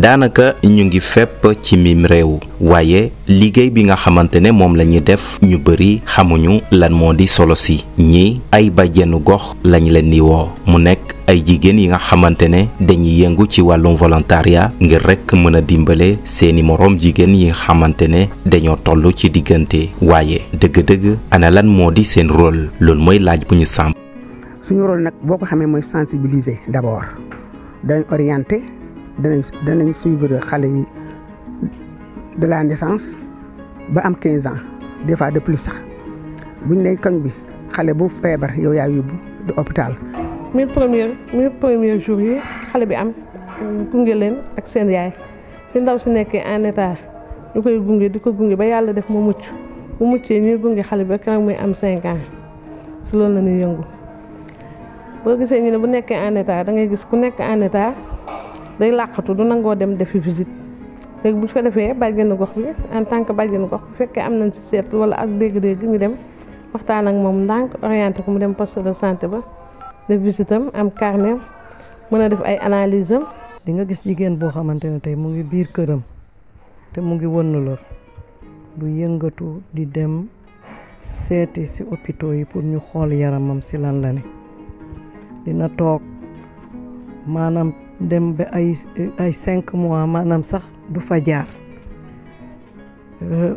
daanaka ñu ngi fépp ci miim réew waaye liggéey bi nga xamante ne moom la ñuy def ñu bëri xamuñu lan moo di solo si ñi ay bàjjenu gox lañu leen di woo mu nekk ay jigéen yi nga xamante ne dañuy yëngu ci wàllum volontariat ngir rekk mën a dimbale seeni moroom jigéen yi nga xamante ne dañoo toll ci diggante waaye dëgg-dëgg ana lan moo di seen rôle loolu mooy laaj bu ñu sàmm. suñu rôle nag boo ko xamee mooy sensibiliser d'abord dañ orienter. danañ danañ suivre xale yi de la naissance ba am quinze ans des fois de plus sax buñ ne koñ bi xale bu feebar yow yaa yóbbu du hôpital. mille premier mille premier jour yi xale bi am gunge leen ak seen yaay fi ndaw si nekkee en état ñu koy gunge di ko gunge ba yàlla def ma mucc mu muccee ñuy gunge xale bi keroog muy am cinq ans si loolu la ñuy yëngu boo gisee ñu ne bu nekkee en état gis ku nekk en day làqatu du nangoo dem defi visite léegi bu fa defee bàjjenu gox bi en tant que bàjjenu gox bu fekkee am nañ ci seetlu wala ak dégg-dégg ñu dem waxtaan ak moom ndànk orienté ko mu dem poste de santé ba def visite am am carnet mën a def ay analyse am. nga gis jigéen boo xamante ne tey mu ngi biir këram te mu ngi wënn lor du yëngatu di dem seeti si hôpitaux yi pour ñu xool yaramam ci lan la ne dina toog maanaam. dem ba ay ay cinq mois maanaam sax du fa jaar euh,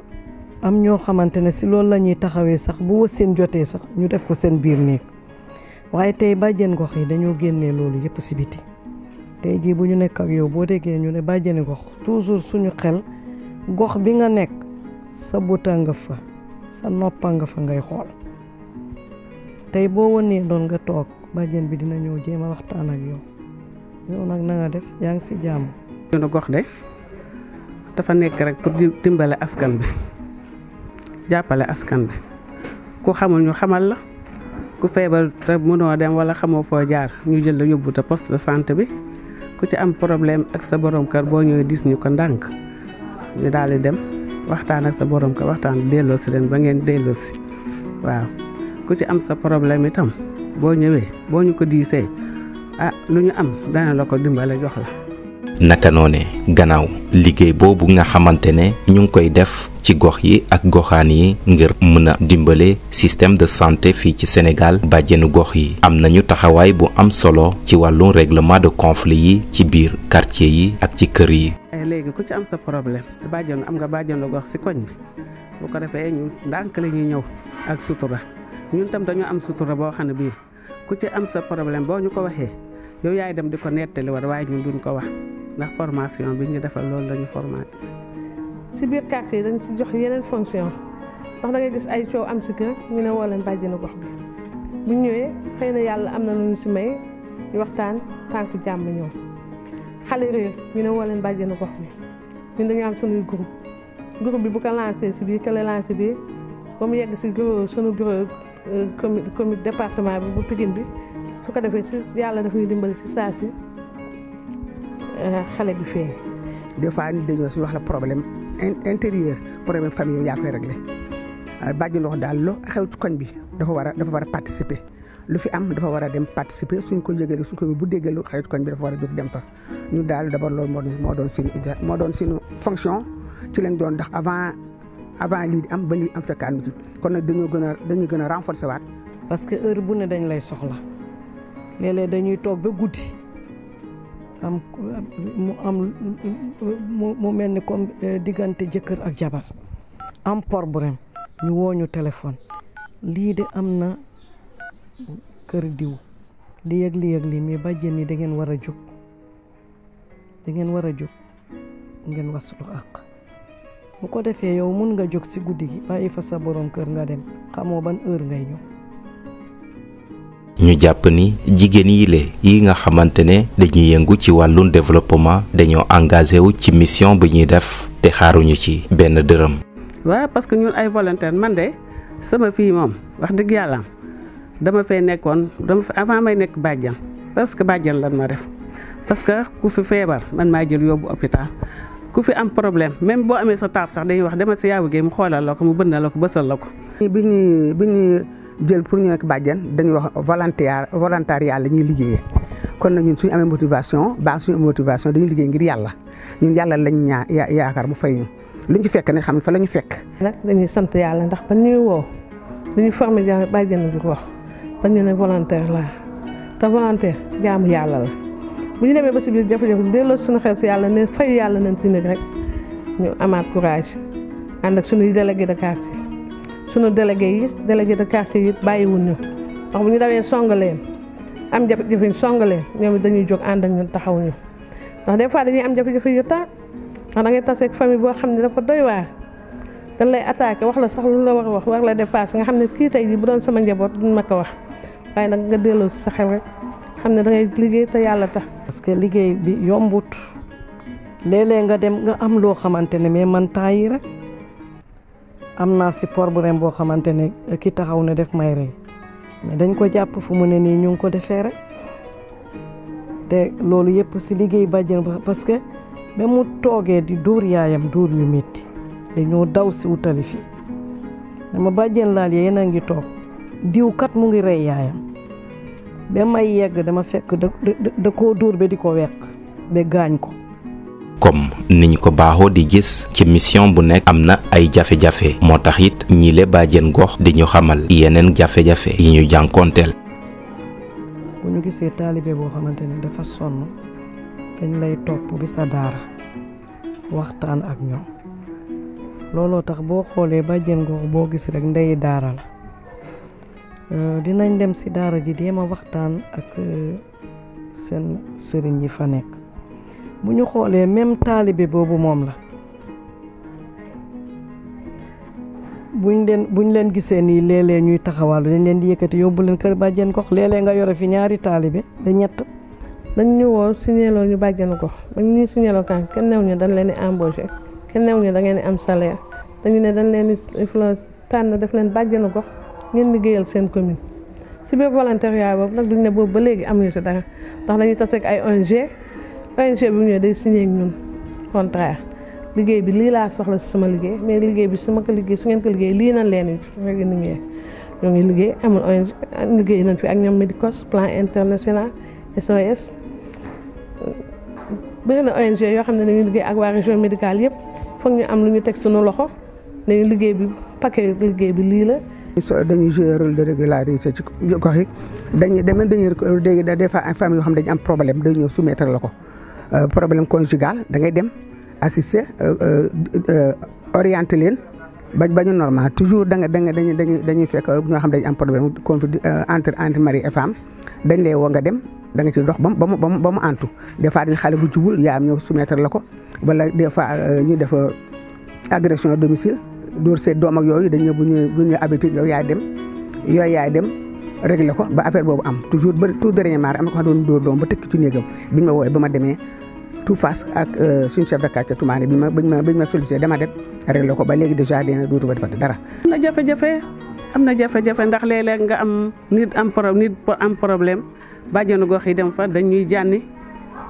am ñoo xamante ne si loolu lañuy taxawee sax bu wasin jotee sax ñu def ko seen biir néeg waaye tey bàjjen gox yi dañoo génnee loolu yëpp si biti tey jii bu ñu nekk ak yow boo déggee ñu ne bàjjeni gox toujours suñu xel gox bi nga nekk sa buta nga fa sa noppa nga fa ngay xool tey boo wanee doon nga toog bàjjen bi dina ñëw jéem a waxtaan ak yow yow nag na nga def yaa ngi si jàmm. yoonu gox de dafa nekk rek ku di dimbale askan bi jàppale askan bi ku xamul ñu xamal la ku feebar te mënoo dem wala xamoo foo jaar ñu jël la yóbbu te poste sant bi ku ci am problème ak sa borom kër boo ñëwee dis ñu ko ndànk ñu daal di dem waxtaan ak sa borom kër waxtaan delloo si leen ba ngeen delloo si waaw ku ci am sa problème itam boo ñëwee boo ñu ko diisee. ah lu ñu am dana la ko dimbale jox la. naka noone gannaaw liggéey boobu nga xamante ne ñu ngi koy def ci gox yi ak goxaan yi ngir mën a dimbale système de santé fii ci Sénégal bàjjenu gox yi am nañu taxawaay bu am solo ci wàllu règlement de conflit yi ci biir quartier yi ak ci kër yi. Eh, léegi ku ci am sa problème bàjjenu am nga bàjjenu gox si koñ bi bu ko defee ñu ndànk la ñuy ñëw ak sutura ñun tam dañu am sutura boo xam ne bii. ku ci am sa problème boo ñu ko waxee yow yaay dem di ko nettali war waaye ñun duñ ko wax ndax formation bi ñu defal loolu lañu ñu formaté. si biir quartier yi dañ si jox yeneen fonction ndax da ngay gis ay coow am si kër ñu ne woo leen bàjjenu gox bi bu ñëwee xëy na yàlla am na lu ñu si may ñu waxtaan tànk jàmm ñëw xale réer ñu ne woo leen bàjjenu gox bi ñun dañu am sunuy groupe groupe bi bu ko lancé si biir kële lancé bi ba mu yegg si sunu bureau comi comi département bi bu Pikin bi su ko defee si yàlla daf ñuy dimbali si saa si eh, xale bi feeñ. des fois de dañoo suñu wax la problème intérieur problème famille yaa koy réglé bàjji ndox daal loo xew ci koñ bi dafa war a dafa war a participer lu fi am dafa war a dem participer suñ ko yëgalee suñ ko bu déggee lu xew ci koñ bi dafa war a jóg dem fa ñu daal d'abord loolu moo doon moo doon suñu moo doon suñu fonction ci lañ doon ndax avant. abant lii di am ba lii am fekkaan mu jub kon nag dañoo gën a dañuy gën a renforcer waat. parce que heure bu ne dañ lay soxla léeg dañuy toog ba guddi am mu am mel ni comme euh, diggante jëkkër ak jabar am problème ñu woo ñu téléphone lii de am na kër diw lii ak lii ak ba mais bàjjen yi da ngeen war a jóg da ngeen war a jóg ngeen waslu ak bu ko defee yow mun nga jóg ci guddi gi bàyyi fa sa borom kër nga dem xamoo ban heure ngay ñu jàpp ni jigéen le yi nga xamante ne dañuy yëngu ci wàllu développement dañoo engagé wu ci mission bi ñuy def te xaaruñu ci benn dërëm. waaw parce que ay volontaire man de sama fii moom wax dëgg yàlla dama fee nekkoon dama fa avant may nekk bàjjan parce que bàjjan lan ma def parce que ku fi feebar man maa jël yóbbu hôpital ku fi am problème même boo amee sa taab sax dañuy wax demal si yaabu géey mu xoolal la ko mu na la ko bësal la ko. bi ñu bi ñu jël pour ñu nekk bàjjen dañuy wax volontaire volontariat la ñuy liggéeyee kon nag ñun suñu amee motivation baax suñu motivation dañuy liggéey ngir yàlla ñun yàlla lañ ñaa yaakaar bu fay ñu luñ ci fekk ne xam ne fa la ñu fekk. nag dañuy sant yàlla ndax ba ñuy woo dañuy formé bàjjen bi wax ba ñu ne volontaire la te volontaire jaamu yàlla la. bu ñu demee ba si biir jafe-jafe delloo suñu xel si yàlla ne fay yàlla nañ si nekk rek ñu amaat courage ànd ak suñuy délégué de quartier sunu délégué yi délégué de quartier yi bàyyiwuñ ñu ndax bu ñu dawee song am jafe-jafe ñu song leen ñoom dañuy jóg ànd ak ñun taxaw ñu ndax des fois dañuy am jafe-jafe yu taa ndax da ngay tase ak famille boo xam ne dafa doy waar dañ lay attaqué wax la sax lu la war a wax war la dépassé nga xam ne kii tey jii bu doon sama njaboot duñ ma ko wax waaye nag nga delloo si sa xel rek. xam ne dangay liggéey te yàlla tax. parce que liggéey bi yombut léeg nga dem nga am loo xamante ne mais man temps yi rek am naa support bu rem boo xamante ne ki taxaw ne def may rey mais dañ ko jàpp fu mu ne nii ñu ngi ko defee rek te loolu yëpp si liggéey bàjjen ba parce que ba mu toogee di dóor yaayam dóor yu métti dañoo daw si wutali fii dama bàjjen laal yéen a ngi toog diw kat mu ngi rey yaayam. ba may yegg dama fekk da da koo dóor bi di ko weq ba gaañ ko. comme niñ ko baaxoo di gis ci mission bu nekk am na ay jafe-jafe moo tax it ñiile bàjjen gox di ñu xamal yeneen jafe-jafe yi ñu jànkoonteel. bu ñu gisee taalibe boo xamante ne dafa sonn dañ lay topp bi sa daara waxtaan ak ñoom looloo tax boo xoolee bàjjen gox boo gis rek ndey daara la. Euh, dinañ dem si daara ji jéem a waxtaan ak euh, seen sëriñ yi fa nekk bu ñu xoolee même taalibe boobu moom la buñ leen buñ leen gisee nii léeg ñuy taxawaalu dañ leen di yëkkati yóbbu leen kër bàjjen gox léeg nga yore fi ñaari taalibe ñett dañ ñu woo signéloo ñu bàjjenu gox dañ ñuy signéloo kan kenn new ñu dañ leen di embauché kenn new da ngeen di am salaire dañu ne dañ leen di influence tànn def leen na gox ngeen liggéeyal seen commune si biir volontariat boobu nag duñ ne boobu ba léegi am ñu si dara ndax dañuy tase ak ay ONG ONG bi mu ñëwee day signé ak ñun contrat liggéey bi lii laa soxla si sama liggéey mais liggéey bi su ma ko liggéey su ngeen ko liggéey lii nañ leen rek ni ñoo ngi liggéey amul ONG liggéey nañ fi ak ñoom Medicos plan international SOS bëri na yoo xam ne dañuy liggéey ak waa région médicale yëpp foog ñu am lu ñu teg suñu loxo dañu liggéey bi paquet liggéey bi lii la dañuy jouer rôle de régularité ci gox yi dañuy dem dañuy des fois ay femmes yoo xam dañu am problème day ñëw soumettre la ko euh, problème conjugal da ngay dem assister euh, euh, orienter leen bañ ba ñu normal toujours da nga da nga dañuy dañuy fekk ñoo xam dañu am problème conflit entre entre mari et femme dañ lay woo nga dem da nga ci dox ba mu ba mu ba mu antu des fois dañ xale bu jubul yaa am ñëw soumettre la ko wala des fois ñu def agression à domicile. dóor seet doom ak yooyu dañ ne bu ñu bu ñu habitude yow yaay dem yooyu yaay dem réglé ko ba affaire boobu am toujours ba tout dernier maar am na ko xam doon dóor doom ba tëkk ci néegam bi ñu ma woowee ba ma demee tout face ak euh, suñu chef de quartier Toumane bi ma bañ ma bañ ma sollicité dama dem réglé ko ba léegi déjà dina dootu ko defati dara. am na jafe am na jafe-jafe ndax léeg nga am nit am pro nit am problème bàjjenu gox yi dem fa dañuy jànni.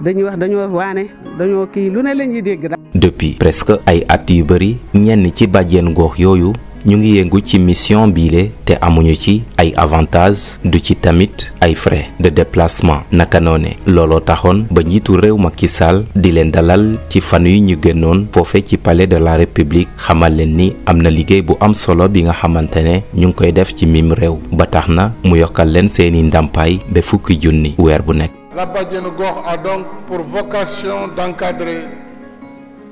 dañuy wax waane dañoo kii lu ne la ñuy dégg daal. depuis presque ay at yu bëri ñenn ci bàjjeen gox yooyu ñu ngi yëngu ci mission biile te amuñu ci ay avantages du ci tamit ay frais de déplacement naka noone looloo taxoon ba njiitu réew Macky Sall di leen dalal ci fan yu ñu génnoon foofe ci palais de la république xamal leen ni am na liggéey bu am solo bi nga xamante ne ñu ngi koy def ci mim réew ba tax na mu yokkal leen seeni ndàmpaay ba fukki junni weer bu nekk. la Badiane Gox a donc pour vocation d'encadrer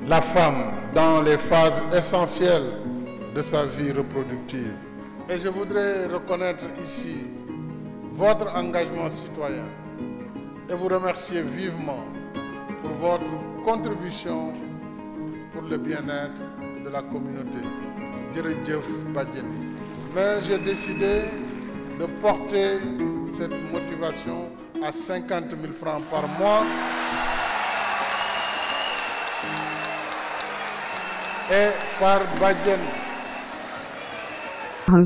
la femme dans les phases essentielles de sa vie reproductive. Et je voudrais reconnaître ici votre engagement citoyen et vous remercier vivement pour votre contribution pour le bien-être de la communauté. Jërëjëf Badiane. Mais j'ai décidé de porter cette motivation à 50 000 francs par mois. et par Badjen.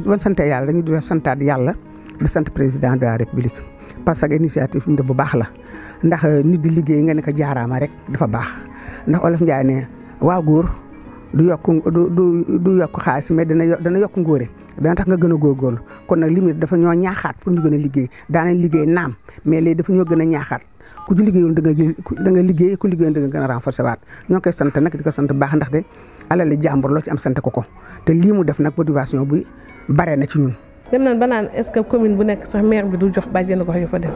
man sant yàlla dañu doon santaat yàlla di sant président de la république parce que initiative mu bi bu baax la ndax euh, nit di liggéey nga ne ko jaaraama rek dafa baax ndax olof Ndiaye ne waa góor du yokk du du yokk xaalis mais dana yokk ngóore. dana tax nga gën a góorgóorlu kon nag lim dafa ñoo ñaaxaat pour ñu gën a liggéey daanañ liggéey naam mais léegi dafa ñoo gën a ñaaxaat ku ci liggéeyul da nga da nga liggéey ku liggéeyul da gën a renforcer waat ñoo koy sant nag di ko sant baax ndax de alali jàmbur loo ci am sant ko ko te lii mu def nag motivation bi bare na ci ñun dem nañ ba naan est-ce que commune bu nekk sax maire bi du jox bàjjenu gox yu fa dem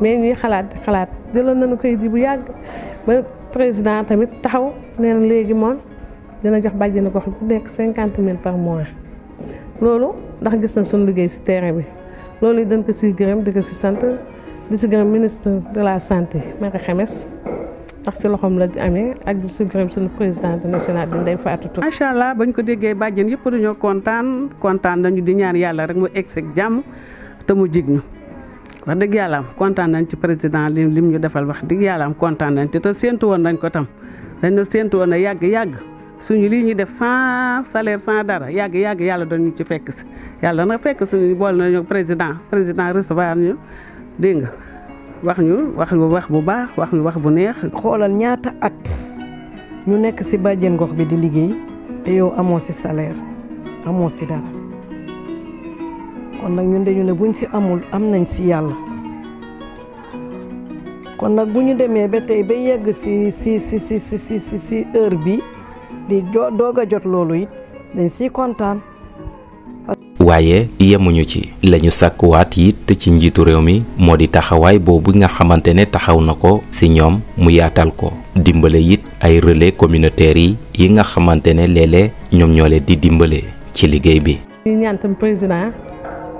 mais ñuy xalaat xalaat jëloon nañu koy di bu tamit taxaw neen léegi moom dina jox bàjjenu gox bu nekk cinquante mille par mois loolu ndax gis na suñu liggéey si terrain bi loolu yi dañ ko si gërëm di ko si sant di si gërëm ministre de la santé Marie Khemesse ndax si loxoom la amee ak di si gërëm suñu président nationale di Ndeye Fatou Touré. macha allah bañ ko déggee bàjjen yëpp dañoo kontaan kontaan nañu di ñaan yàlla rek mu egg seeg jàmm te mu jig ñu wax dëgg yàlla am kontaan nañ ci président lim lim ñu defal wax dëgg yàlla am kontaan nañ ci te séentu woon nañ ko tam dañu séentu woon a yàgg yàgg. suñu lii ñuy def sans salaire sans dara yàgg yàgg yàlla dañu ci fekk si yàlla na fekk suñu bool nañu président président recevoir ñu dégg nga wax ñu wax ñu wax bu baax wax ñu wax bu neex. xoolal ñaata at ñu nekk si bàjjen gox bi di liggéey te yow amoo si salaire amoo si dara kon nag ñun dañu ne buñ si amul am nañ si yàlla. kon nag bu ñu demee ba tey ba yegg si si si si si si si heure bi di doog a jot loolu it dañ siy kontaan. waaye yemuñu ci la ñu yit it ci njiitu réew mi moo di taxawaay boobu nga xamante ne taxaw na ko si ñoom mu yaatal ko dimbale it ay relais communautaires yi yi nga xamante ne léeg ñoom ñoo leen di dimbale ci liggéey bi. ñu ñaan tam président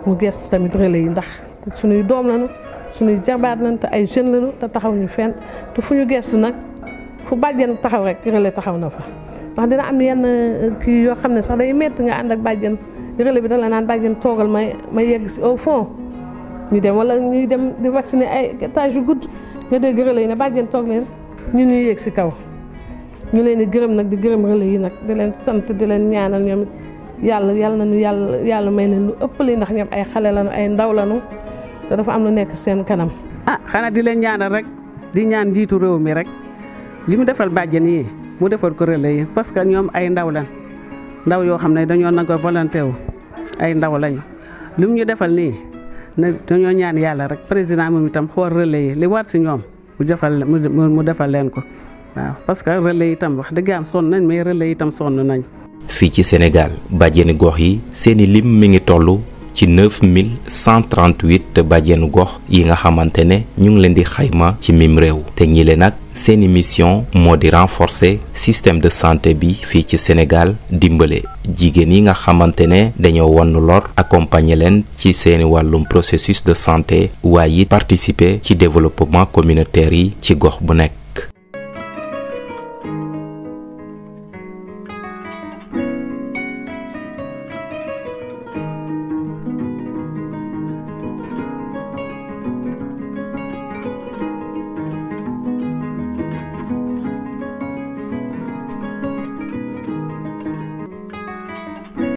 mu gestu tamit relais yi ndax suñuy doom lañu suñuy jabaat lañu te ay jeunes lañu te taxaw ñu fenn te fu ñu gestu nag fu bàjjen taxaw rek relais taxaw na fa. ndax dina am yenn uh, kii yoo xam ne sax day metti nga ànd ak bàjjen relais bi da la naan bàjjen toogal ma ma yegg si au fond ñu dem wala ñuy dem di vacciner ay étage gudd nga dégg relais yi ne bàjjen toog leen ñu ñuy yegg si kaw ñu leen di gërëm nag di gërëm yi nag di leen sant di leen ñaanal ñoom yàlla na nañu yàlla yàlla may leen lu ëpp li ndax ñoom ay xale lañu ay ndaw lañu te dafa am lu nekk seen kanam. ah xanaa di leen ñaanal rek di ñaan njiitu réew mi rek li mu defal bàjjen yi mu defar ko relais yi parce que ñoom ay ndaw lañ ndaw yoo xam ne dañoo nangoo volonté ay ndaw lañu li mu ñu defal nii ne dañoo ñaan yàlla rek président moom itam xool relais yi li war si ñoom mu defal mu defal leen ko waaw parce que relais yi itam wax dëgg am sonn nañ mais relais yi itam sonn nañ. fii ci Sénégal bàjjenu gox yi seeni lim mi ngi toll ci 9138 bàjjenu gox yi nga xamante ne ñu ngi leen di xayma ci mim réew te ñi nag seeni mission moo di renforcer système de santé bi fii ci Sénégal dimbale jigéen yi nga xamante ne dañoo wann lor accompagner leen ci seeni wàllum processus de santé waaye yi participer ci développement communautaire yi ci gox bu nekk